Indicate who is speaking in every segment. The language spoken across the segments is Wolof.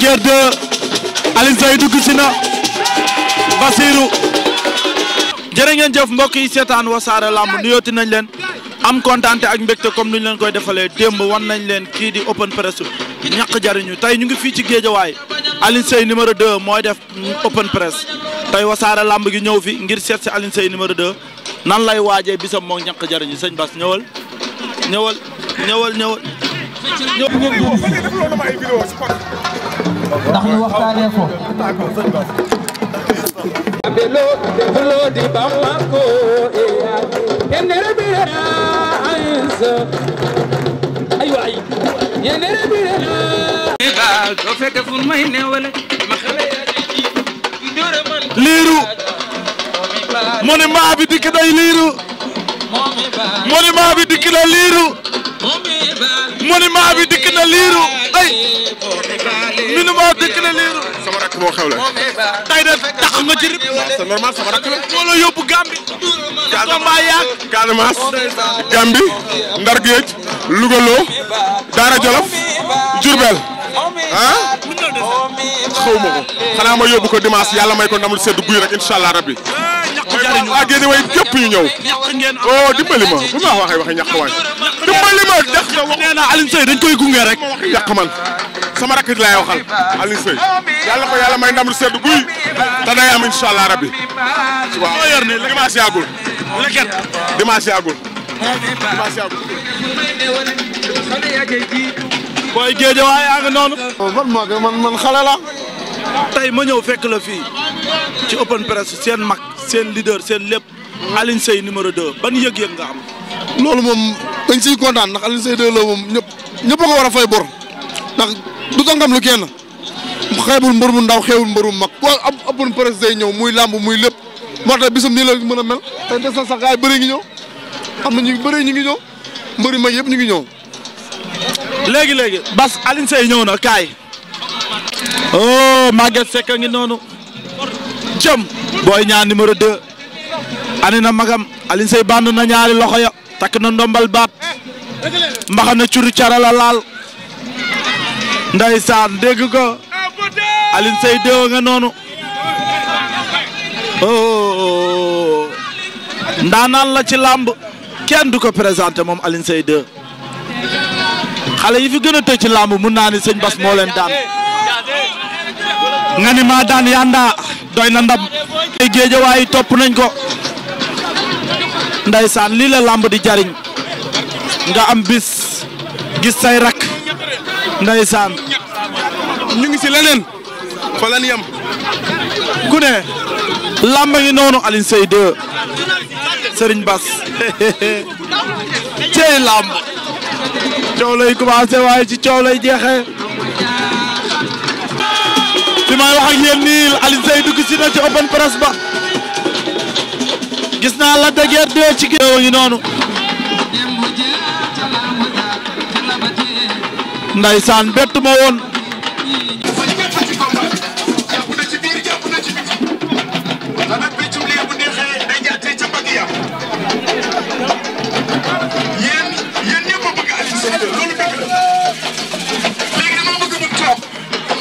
Speaker 1: Gueye 2 Alioune Seye dugg si na Basirou jërë ngeen jëf mbokk yi seetaan wasaare làmb nuyooti nañ leen am kontaante ak mbégte comme ni leen koy defalee démb wan nañ leen kii di open press ñàq jariñu tey ñu ngi fii ci géejawaay Alioune Seye numéro 2 mooy def open press tey wasaare làmb gi ñëw fi ngir seet si Alioune Seye numéro 2 nan lay waajee bisam moom ñàq jariñu sëñ Bas ñëwal ñëwal ñëwal ñëwal ndax ñu waxtaanee ko.
Speaker 2: di bamba ko
Speaker 1: liiru mo maa bi dikk day liiru liiru na liiru ay minuma dëkk liiru sama moo xew la tax nga ci rib c'est moo la yóbbu Gambi combat yaag Casamance
Speaker 3: Gambi Ndar Géej Daara Jolof Jurbel ah xaw ma ko xanaa rabbi waa géej way képp ñu ñëw. oh dimbali ma bu ma waxee waxi ñàkk waay.
Speaker 1: dimbali ma dex wax nee naa man
Speaker 3: sama rakk laay waxal Alioune Seye. ko yàlla may ndam sedd guy. te day rabbi.
Speaker 1: waaw loo yor ne dimanche yàggul. booy géej waaye yaa ngi noonu. man maa man man xale la. ma ñëw fekk la fii ci open press seen mag. seen lider seen lépp Alioune Seye numéro 2 ban yëg-yëg nga am.
Speaker 4: loolu moom dañ siy kontaan ndax Alioune Seye 2 la moom ñëpp ñëpp ko war a fay bor ndax du tàngam lu kenn xeebul mbër mu ndaw xeebul mbër mu mag waaye ab abun presse day ñëw
Speaker 1: muy làmb muy lépp moo tax bisum ni la mën a mel te des na sax gars ngi ñëw am na ñu bëri ñu ngi ñëw mbër yu mag yëpp ñu ngi ñëw. léegi léegi Bas Alioune Seye ñëw na kaay. oh Maguette Seck a ngi noonu jëm. Boy ñaan numéro 2 ani na magam Alioune Seye band na ñaari loxo ya takk na ndombal baat mbaxana curu cara la laal ndeysaan dégg ko Alioune Seye nga noonu oh, oh, oh ndaanaan la ci làmb kenn du ko présenté moom Alioune Seye xale yi fi gën a tëj ci làmb mun naa ni sëñ Bas moo leen daan nga ni maa daan yanda doy na ndam tey géejawaay topp nañ ko ndaysaan lii la làmb di jariñ nga am bis gis say rak ndaysaan ñu ngi si leneen fa lan ku ne làmb ngi noonu Alioune Seye 2 Serigne Bass cey làmb coow lay commencé waaye ci coow lay jeexee fi may wax ak yéen nii Alioune Seye dugg si ci open press ba gis naa la dëgër dee ci géew yi noonu ndaysaan bett ma woon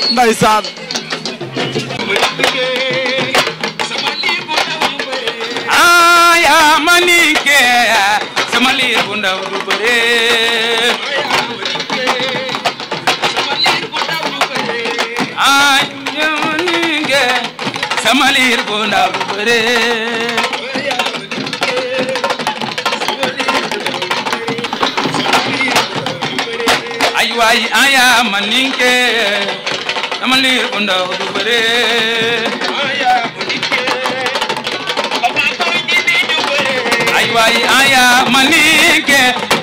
Speaker 1: Ndeysaan
Speaker 2: samaliir bu ndaw bu bëre ay waay aya man ninke samaliir bu ndaw bu bëre ay waay aya man ninke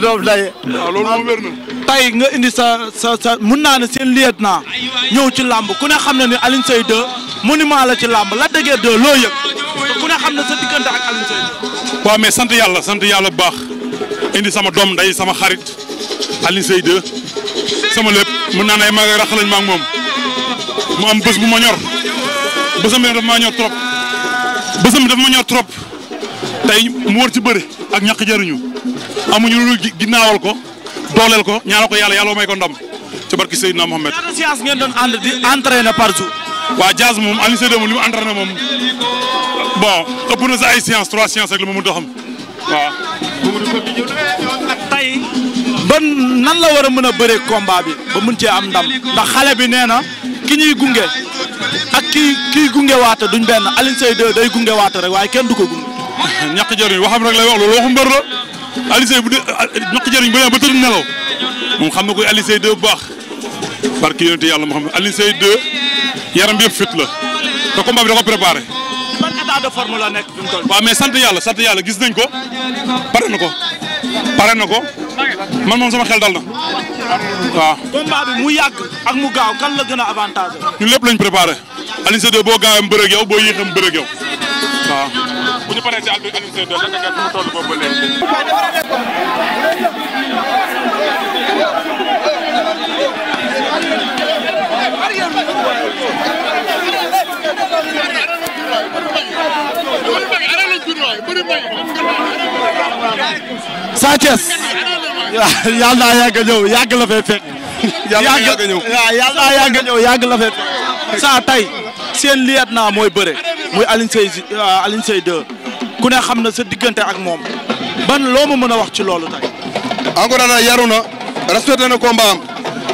Speaker 1: sama ah, nga indi sa mun naa ne seen liet naa ñëw ci làmb ku ne xam na ne Alioune Seye 2 monument la ci làmb la déggee 2 loo yëg ku ne xam na sa diggante ak Alioune Seye 2. waaw mais sant yàlla sant yàlla bu baax indi sama
Speaker 3: doom nday sama xarit Alioune Seye 2 sama lépp mun naa ne ay rax lañ ma ak moom mu am bés bu ma ñor bésam bi dafa ma ñor trop bésam bi dafa ma ñor trop tey mu war ci bëri ak ñaq jariñu amuñu lu ginnaawal ko dooleel ko ñaanal ko yàlla yàlla may ko ndam ci barki Seydina Mohamed. ñaata séance ngeen doon ànd di entraîner par jour. waa Diaz moom Alioune Seye moom li mu entraîné moom bon ëpp ay séance trois séances rek la ma mënut a xam waaw. tey
Speaker 1: ba nan la war a mën a bëree combat bi ba mun cee am ndam ndax xale bi nee na ki ñuy gunge ak ki kiy gunge waata duñ benn Alioune Seye day gunge waata rek waaye kenn du ko gunge. ñàkk waxam rek lay wax loolu waxu mbër Alioune bu de
Speaker 3: ñoq jëriñ bu dee ah, ba nelaw moom xam na koy Alioune Seye bu baax barki yonente yàlla moo xam ne Alioune Seye yaram bi yëpp fit la te combat bi da ko préparé.
Speaker 1: ban état de forme la nekk fi mu toll.
Speaker 3: mais sant yàlla sant yàlla gis nañ ko pare na ko pare na ko man moom sama xel dal na waaw. mu yàgg ak mu gaaw kan
Speaker 1: la gën a avantage.
Speaker 3: ñun lépp lañ préparé Alioune Seye boo gaawee mu bëreeg yow boo yéexee mu bëreeg
Speaker 1: bu ñu paree ci àll bi Alioune la fee fekk. yàlla naa la fee saa tey seen liet naa mooy bëre. muy Alioune Seye euh, Alioune Seye 2 ku ne xam na sa diggante ak moom ban loo ma mën a wax ci loolu tey.
Speaker 4: encore daal yaru na respecté na combat am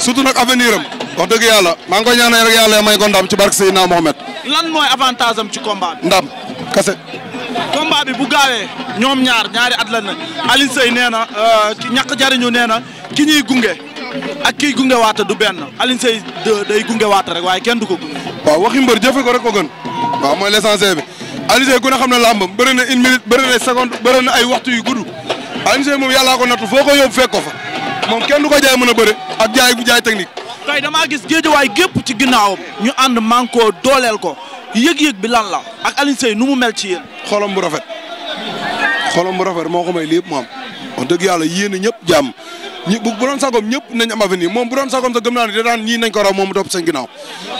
Speaker 4: surtout nag avenir wax dëgg yàlla maa ngi koy ñaanal rek yàlla may ko ndam ci barke na Mohamed.
Speaker 1: lan mooy avantage am ci combat
Speaker 4: bi. ndam kese.
Speaker 1: combat bi bu gaawee ñoom ñaar ñaari at lan na Alioune Seye nee na euh, ñàkk jariñu nee na ki ñuy gunge ak kiy gunge waata du benn Alioune Seye 2 day
Speaker 4: gunge waata rek waaye kenn du ko gunge. waaw waxi mbër jëfe ko mooy l'essentiel bi Alioune Seye ku ne xam ne làmbam bëri na une minute bëri na seconde bëri na ay waxtu yu gudd Alioune Seye moom yàllaa ko nattu foo ko yóbbu fekk ko fa moom kenn du ko jaay mën a bëri ak jaay bu jaay technique tey damaa gis géejawaay
Speaker 1: gépp ci ginnaawam ñu ànd mànkoo dooleel ko yëg-yëg bi lan la ak Alioune nu mu mel ci
Speaker 4: yéen xolam bu rafet xolam bu rafet moo ko may lépp mu am wax dëgg yàlla yéen a ñëpp jàmm ñi bu doon sagoom ñëpp nañ am moom bu doon sagoom sa gëm naa ne daan ñii nañ ko raw moom mu topp seen ginnaaw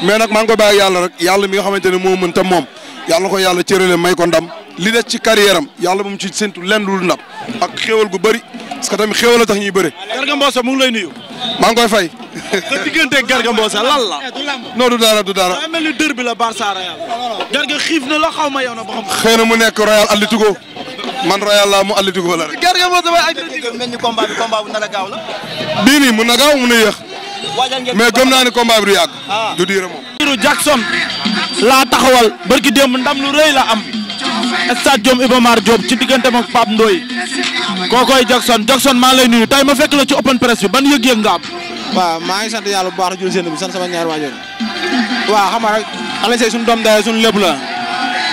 Speaker 4: mais nag maa yàlla rek yàlla mi nga xamante ne mën tam moom yàlla ko yàlla cërale may ko ndam li des ci carrière yàlla moom ci séntu lenn lu ak xéewal gu bëri parce que tamit xéewal la tax ñuy bëre. Garga Mbossé mu ngi lay nuyu. maa ngi fay. sa diggante ak Garga Mbossé lan
Speaker 1: eh,
Speaker 4: du dara du dara.
Speaker 1: daa ah, xiif na la xaw ma yow na
Speaker 4: man royal la mu atlétique wala
Speaker 1: rek. gerte moo samay atlétique. mel ni combat
Speaker 4: bi combat bu nar a gaaw na gaaw mun na yéex. naa ne combat bi du yàgg. Ah. du diire moom. Jackson laa taxawal barki démb ndam lu rëy la am
Speaker 1: stade Diom Iba Mar Diop ci digganteem ak Pape Ndoye kookoy Jackson Jackson maa lay
Speaker 4: nuyu tey ma fekk la ci open press bi ban yëg-yëg nga am. waaw maa ngi sant yàlla bu baax di jël seen bi sant sama ñaari waajur waaw xam nga rek Alioune Seye suñu doom daay suñu lépp la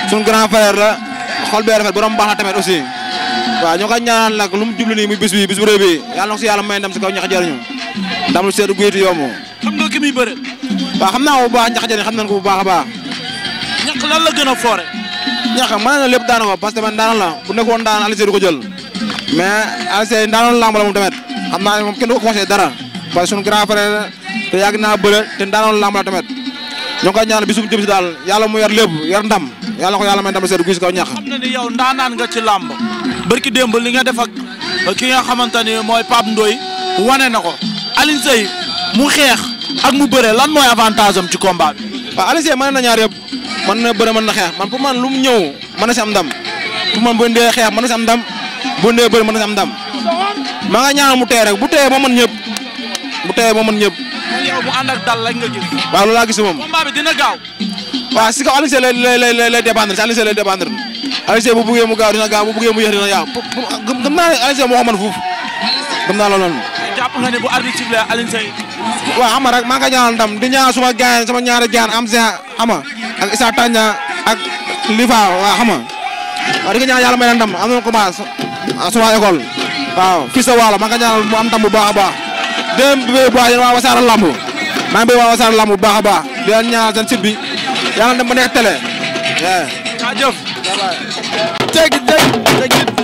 Speaker 4: suñu grand frère la. xol bee rafet borom baax la tamit aussi waaw ñu koy ñaanal nag lu mu jublu nii muy bis bi bis bu rëy bi yàlla na ko si yàlla may ndam si kaw ñax ndam lu seetu guytu yomb xam nga ki muy bëre xam naa bu baax ñax jariñ xam nañ ko bu baax a baax ñax lan la gën a foore ñax mën na lépp daana ko parce que man daana la bu nekkoon daan Alioune Seye du ko jël mais Alioune Seye daanoon lamb la moom tamit xam naa ne moom kenn du ko conseillé dara parce que suñu grand frère te yàgg naa bëre te daanoon lamb la tamit ñoo ngi koy ñaan bisum jëm si daal yàlla mu yar lépp yar ndam yàlla ko yàlla may ndam seet gu si ñax xam
Speaker 1: na ni yow ndaanaan nga ci làmb barki démb li nga def ak ki nga xamante ni
Speaker 4: mooy Pape Ndoye wane na ko Alioune Seye mu xeex ak mu bëre lan mooy avantage am ci combat bi waaw Alioune Seye na ñaar yëpp mën na bëre mën na xeex man pour man lu mu ñëw man a si am ndam pour man bu ndee xeex mën na si am ndam bu ndee bëre mën na si am ndam maa nga ñaan mu tee bu tawee moo mën ñëpp.
Speaker 1: yow mu ànd ak dal lañ nga gis.
Speaker 4: waaw loolu laa gis moom.
Speaker 1: combat bi dina gaaw.
Speaker 4: waaw si kaw Alioune Seye lay lay lay lay dépendre si Alioune Seye lay dépendre. Alioune Seye bu buggee mu gaaw dina gaaw bu mu yéex dina gaaw gëm naa ne Alioune Seye moo ko gëm naa loolu noonu. jàpp nga ne bu di ñaanal suma gaañ sama ñaari gaañ am sa ama ak Issa Tagna ak Lifa waaw xam nga waaw di ko ñaanal yàlla may na ndam am suma école waaw fii sa waalo maa am ndam bu baax a dem bi béy bu baax yéen waa Wassare maa ngi béy waa Wassare Lamb bu baax a baax di leen ñaanal seen site bi yàlla dem ba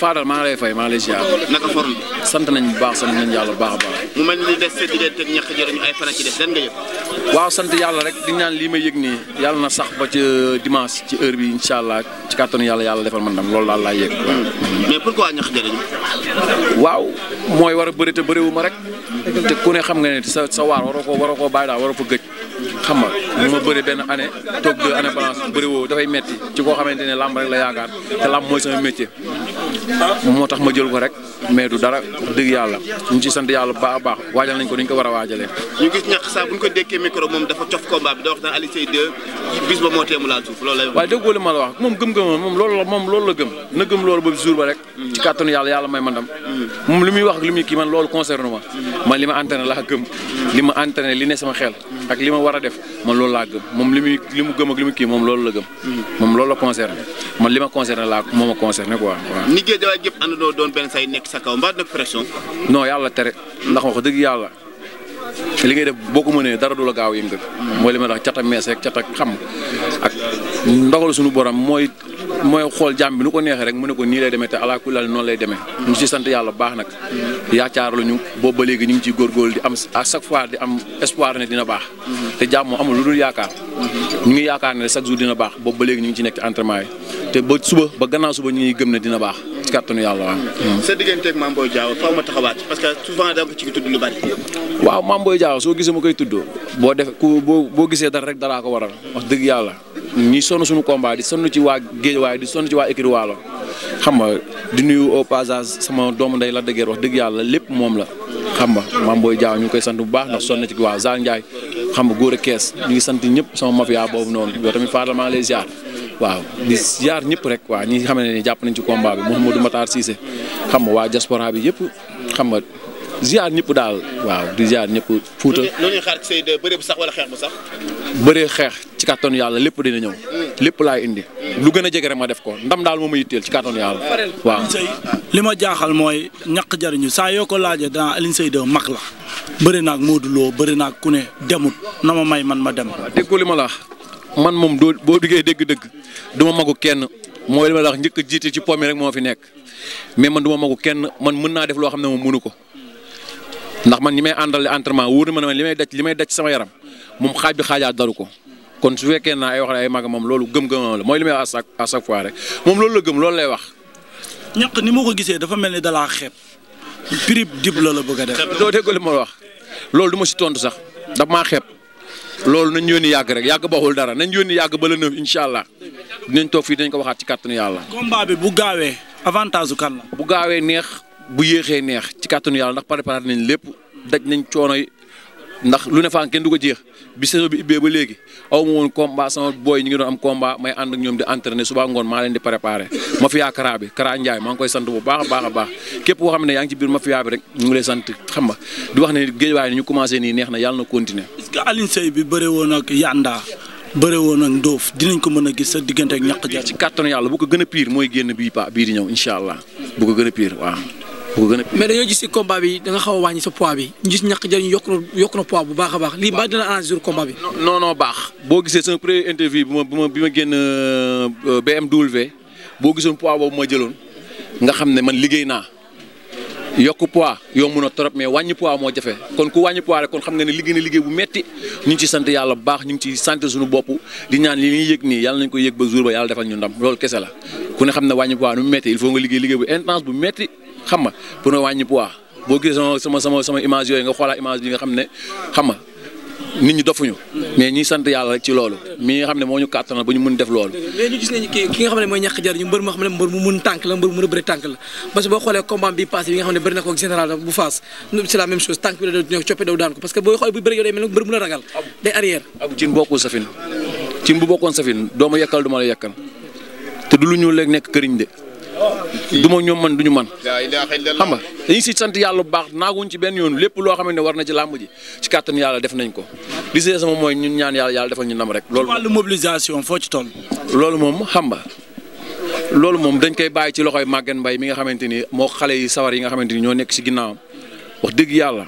Speaker 5: Fadal maa fay maa naka forme sant nañ bu baax sant nañ yàlla bu baax a baax. mu mel ni des sa diggante ak ñàkk jëriñu ay fan ci des lan nga yëg. waaw sant yàlla rek di ñaan lii may yëg nii yàlla na sax ba ci euh, dimanche ci heure bi incha allah ci kàttanu yàlla yàlla defal man dam loolu daal laa yëg. Hmm. mais pourquoi ñàkk jëriñu. waaw mooy war a bëri te rek. te ku ne xam nga ne sa sa waar waroo koo waroo koo bàyyi daal waroo ko gëj. xam nga li ma bëri benn année toog deux année balance bëri dafay metti ci koo xamante ne lam rek la yaakaar te làmb mooy sama métier moo tax ma jël ko rek mais du dara dëgg yàlla ñu ci sant yàlla bu baax baax waajal nañ ko ni ñu war a waajalee.
Speaker 4: ñu ko dékkee micro moom dafa cof combat bi da wax naan Alioune Seye 2 bis ba moom
Speaker 5: gëm-gëm moom loolu la moom loolu la gëm na gëm loolu ba jour ba rek. ci kàttanu yàlla yàlla may ma ndam. moom li muy wax ak li muy kii man loolu concerne ma. man li ma entraîné la gëm. li ma entraîné li ne sama xel. ak li ma war a def man lool laa gëm moom li muy li mu gëm ak li mu kii moom loolu la gëm. Hmm. moom loolu la concerné man li ma concerné laa moom ma concerné quoi waaw. ni Guédiawaye gépp àndandoo doon benn say nekk sa kaw mbaa nag pression. non yàlla tere ndax wax dëgg yàlla li ngay def boo ko mënee dara du la gaaw yëngal. Hmm. mooy li ma la wax cat ak mees rek cat ak xam ak ndogal suñu mooy mooy xool jàmbi bi nu ko neexee rek mu ne ko nii lay demee te alaa kulli noonu lay demee. ñu ci sant yàlla baax nag. yaakaar la ñu boobu ba léegi ñu ngi ciy góorgóorlu di am a chaque fois di am espoir ne dina baax. te amul lu dul yaakaar. ñu ngi yaakaar ne chaque jour dina baax boobu ba léegi ñu ngi ci nekk entraînement yi te ba suba ba gannaaw suba ñu ngi gëm ne dina baax. ci kàttanu yàlla waaw.
Speaker 1: Hmm. sa digganteeg Mame Boye parce que souvent da nga ci tudd
Speaker 5: lu soo gisee ma koy tuddoo boo defee ku boo gisee dara rek daraa ko waral wax dëgg yàlla ñi sonn suñu combat di sonn ci waa Géejawaay di sonn ci waa écurie Waalo xam nga di nuyu au passage sama doom ndey la dëggeer wax dëgg yàlla lépp moom la xam nga maam booy jaaw ñu ngi koy sant bu baax ndax sonn ci waa Zal Ndiaye xam nga góor a kees ñu ngi sant ñëpp sama mafia boobu noonu yow tamit Fadal maa lay ziar waaw di ziar ñëpp rek waaw ñi xam ne jàpp nañ ci combat bi Mouhamadou Matar Cissé xam nga waa diaspora bi yëpp xam nga ziar ñëpp daal waaw di ziar ñëpp. fuuta lu ñuy
Speaker 1: xaar ci say bëree bu
Speaker 5: xeex ci kàttanu yàlla lépp dina ñëw lépp laay indi lu gën a jege rek ma def ko ndam daal moo ma yitteel ci kàttanu yàlla waaw. li ma jaaxal mooy ñaq jariñu saa yoo ko laajee
Speaker 1: daa Alioune Seye de mag la naa naag Modou Lo bëri naag ku ne demut na ma may man ma dem.
Speaker 5: dégg li ma la man moom doo boo duggee dégg-dëgg du ma magu kenn mooy li la njëkk a jiite ci pomme rek moo fi nekk mais man du ma kenn man mën naa def loo xam ne moom mënu ko ndax man ñi may àndal entraînement wóor na ma ne li may daj li may daj sama yaram moom xaaj bi xaajaat daru ko kon su fekkee naa ay wax ay mag moom loolu gëm-gëmam la mooy li may wax à chaque à chaque fois rek moom loolu la gëm loolu lay wax. ñaq ni ma ko gisee dafa mel ni dalaa xeeb. prix dib la la bëgg a def. doo dégg li ma wax loolu du ma si tontu sax daf maa xep loolu nañ yónni yàgg rek yàgg baxul dara nañ yónni yàgg ba la nëf incha allah nañ toog fii dinañ ko waxaat ci kàttanu yàlla. combat bi bu gaawee avantage kan bu gaawee neex bu yéexee neex ci kàttanu yàlla ndax préparé nañ lépp daj nañ coono yi ndax lu ne faan kenn du ko jeex bi saison bi ubbee ba léegi aw ma woon combat sama booy ñu ngi doon am combat may ànd ak ñoom di entraîner suba ngoon maa leen di préparer mafia Kara bi Kara Ndiaye maa ngi koy sant bu baax baax a baax képp koo xam ne yaa ngi ci biir mafia bi rek ñu ngi lay sant xam nga wax ne géejawaay ñu commencé nii neex na yàlla na continuer. est-ce que Alioune Seye bi bëre woon ak Yanda bëre woon ak Ndoof dinañ ko mën a gis sa diggante ak ñaq jar ci kàttanu yàlla bu ko gën a pire mooy génn bii pa bii di ñëw incha allah bu ko gën a pire bu a. mais dañoo gis si combat bi
Speaker 1: da nga xaw a wàññi sa poids bi ñu gis ñàkk jëriñ yokk yokk na poids bu baax a baax lii baax dina arranger combat bi.
Speaker 5: non baax boo gisee sama premier interview euh, ma jëloon nga xam ne man liggéey naa yokk poids yomb na trop mais wàññi poids moo jafe kon ku wàññi poids rek kon xam nga ne liggéey na liggéey bu metti ñu ngi ci sant yàlla baax ñu ngi ci sant suñu bopp di ñaan li ñuy yëg nii yàlla nañ ko yëg ba jour ba yàlla defal ñu ndam loolu kese la ku ne xam xam nga pour nga wàññi poids boo gisee sama sama sama image yooyu nga xoolaat image bi nga xam ne xam nit ñi dofuñu mais ñi sant yàlla rek ci loolu mais xam ne mooy ñàkk
Speaker 1: jar ñu mbër mu mun tànk la mbër mu mën a bëri tànk la parce que boo xoolee combat bi passé bi nga xam bi la boo
Speaker 5: xoolee bu bëri mu la ragal day arrière cin bokkul safin cin bu bokkoon safin doo yekkal du la yekkal te du ñu léegi nekk këriñ de du ma ñoom man du ñu man xam nga dañu si sant yàlla bu baax naaguñ ci benn yoon lépp loo xam ne war na ci làmb ji ci kàttan yàlla def nañ ko li si mooy ñun ñaan yàlla yàlla ñu nam rek. loolu wàllu mobilisation foo ci toll. loolu moom xam nga loolu moom dañ koy bàyyi ci loxoy màgget mbay mi nga xamante ni moo xale yi sawar yi nga xamante ni ñoo nekk si ginnaaw wax dëgg yàlla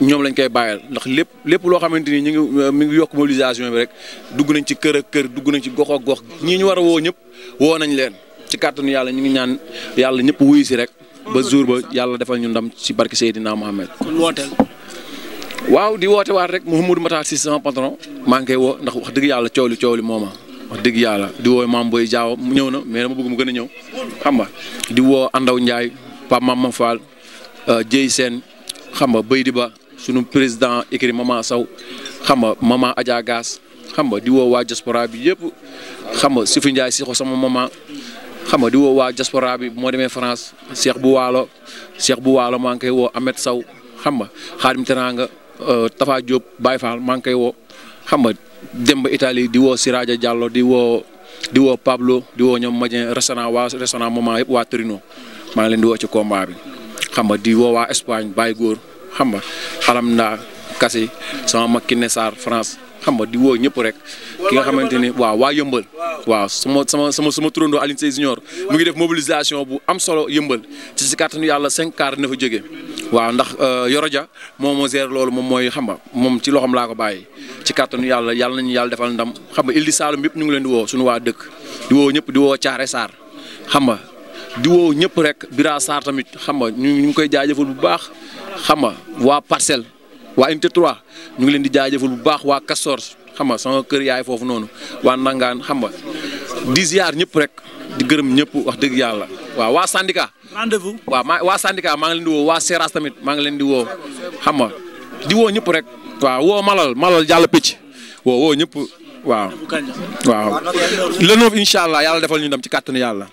Speaker 5: ñoom lañ koy bàyyal ndax lépp lépp loo xamante ni ñu ngi euh, mi ngi yokk mobilisation bi rek dugg nañ ci kër kër dugg nañ ci gox gox ñii ñu war woo ñëpp woo nañ leen ci kàttanu yàlla ñu ngi ñaan yàlla ñëpp wuyu si rek ba jour ba yàlla defal ñu ndam ci barke Seydina Mohamed. wooteel. waaw di woote waat rek Mouhamadou Matar si sama patron maa ngi woo ndax wax dëgg yàlla coow li coow li mooma ah. wax dëgg yàlla di woo maam Boy Diaw mu ñëw na mais dama bëgg mu gën a ñëw xam nga di woo Andaw Ndiaye Pape Mama Fall euh, Dieye seen xam nga Baydi Ba sunu président écrit Mama saw xam nga Mama Adja Gass xam nga di woo waa diaspora bi yëpp xam nga Sifou Ndiaye si sama mama xam nga di woo waa diaspora bi moo demee France Cheikh bu Waalo Cheikh bu Waalo maa ngi koy woo Ahmed Sow xam nga Xaadim Teraanga euh, Tafa Diop Baye Fall maa ngi koy woo xam nga dem ba di woo Siraja Diallo di woo di woo Pablo di woo ñoom Madien restaurant waa restaurant moment yëpp waa Torino maa ngi leen di ci combat bi xam nga di woo waa Espagne Baye Góor xam nga alam ndaa kasi sama mag ki ne Sarr France xam nga di woo ñëpp rek ki nga xamante ni waaw waa yëmbal waaw sama sama sama sama turandoo Alioune Sèye mu ngi def mobilisation bu am solo yëmbal ci si kàttanu yàlla cinq quarts dina fa waaw ndax euh, yoroja moom moo gérer loolu moom mooy xam nga moom ci loxam laa ko bàyyi ci kàttanu yàlla yàlla nañu yàlla defal ndam xam nga Île du Saloum yëpp ñu ngi leen di woo suñu waa dëkk di woo ñëpp di woo Thiaré Sarr xam nga di woo ñëpp rek Bira Sarr tamit xam nga ñu ngi koy jaajëfal bu baax xam nga waa parcelle waa unité ñu ngi leen di jaajëfal bu baax waa Castor xam nga sama kër yaay foofu noonu waa nangaan xam nga di ziar ñëpp rek di gërëm ñëpp wax dëgg yàlla waaw waa syndicat. rendez-vous waaw maa waa syndicat maa ngi leen di woo waa Seras tamit maa ngi leen di woo xam nga di woo ñëpp rek. waaw woo Malal Malal jàll picc woo woo ñëpp waaw. waaw le allah yàlla defal ñu ndam ci kàttanu yàlla.